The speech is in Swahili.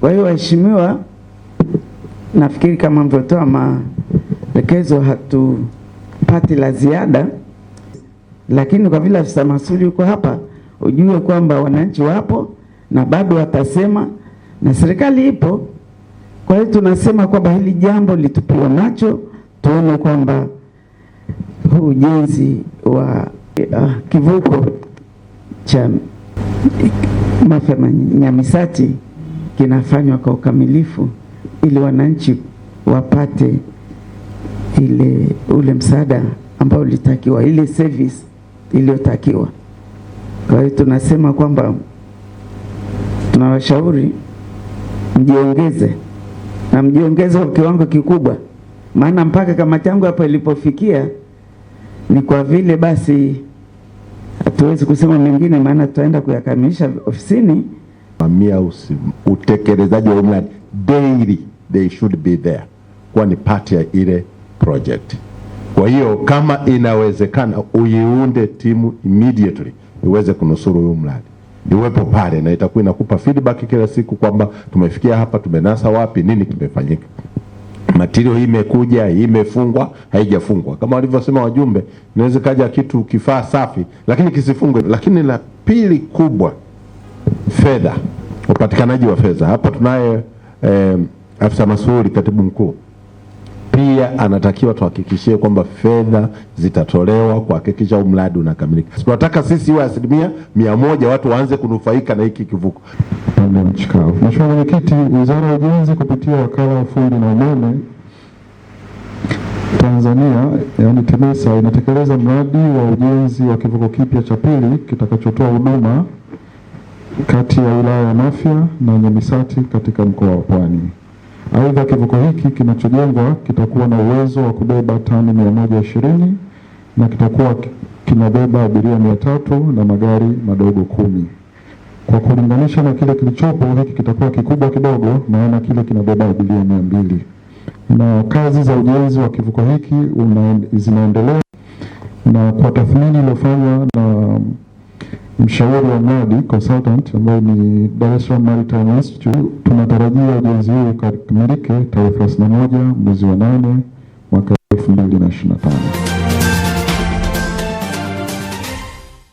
Kwa hiyo waheshimiwa, nafikiri kama mlivyotoa maelekezo, hatupati la ziada, lakini kwa vile afisa masuli yuko hapa, ujue kwamba wananchi wapo na bado watasema na serikali ipo. Kwa hiyo tunasema kwamba hili jambo litupiwe macho, tuone kwamba huu ujenzi wa uh, kivuko cha Mafia Nyamisati kinafanywa kwa ukamilifu ili wananchi wapate ile ule msaada ambao ulitakiwa, ile service iliyotakiwa. Kwa hiyo tunasema kwamba tunawashauri mjiongeze na mjiongeze kwa kiwango kikubwa, maana mpaka kamati yangu hapa ilipofikia ni kwa vile basi, hatuwezi kusema mengine, maana tutaenda kuyakamilisha ofisini kusimamia utekelezaji wa mradi daily, they should be there, kuwa ni part ya ile project. Kwa hiyo kama inawezekana uiunde timu immediately iweze kunusuru huyu mradi, niwepo pale na itakuwa inakupa feedback kila siku kwamba tumefikia hapa, tumenasa wapi, nini kimefanyika, matirio hii imekuja, hii imefungwa, haijafungwa. Kama walivyosema wajumbe, inaweza kaja kitu kifaa safi, lakini kisifungwe. Lakini la pili kubwa, fedha upatikanaji wa fedha. Hapa tunaye eh, afisa masuhuri katibu mkuu pia anatakiwa tuhakikishie kwamba fedha zitatolewa kuhakikisha huu mradi unakamilika. Tunataka sisi iwe asilimia mia moja watu waanze kunufaika na hiki kivuko. Mheshimiwa Mwenyekiti, Wizara ya Ujenzi kupitia wakala wa ufundi na umeme Tanzania yani TEMESA inatekeleza mradi wa ujenzi wa kivuko kipya cha pili kitakachotoa huduma kati ya wilaya ya Mafia na Nyamisati katika mkoa wa Pwani. Aidha, kivuko hiki kinachojengwa kitakuwa na uwezo wa kubeba tani 120 na kitakuwa kinabeba abiria mia tatu na magari madogo kumi. Kwa kulinganisha na kile kilichopo, hiki kitakuwa kikubwa kidogo, maana kile kinabeba abiria mia mbili na kazi za ujenzi wa kivuko hiki zinaendelea, na kwa tathmini iliyofanywa na mshauri wa mradi consultant ambayo ni Dar es Salaam Maritime Institute. Tunatarajia ujenzi huu ukamilike tarehe 31 mwezi wa 8 mwaka 2025.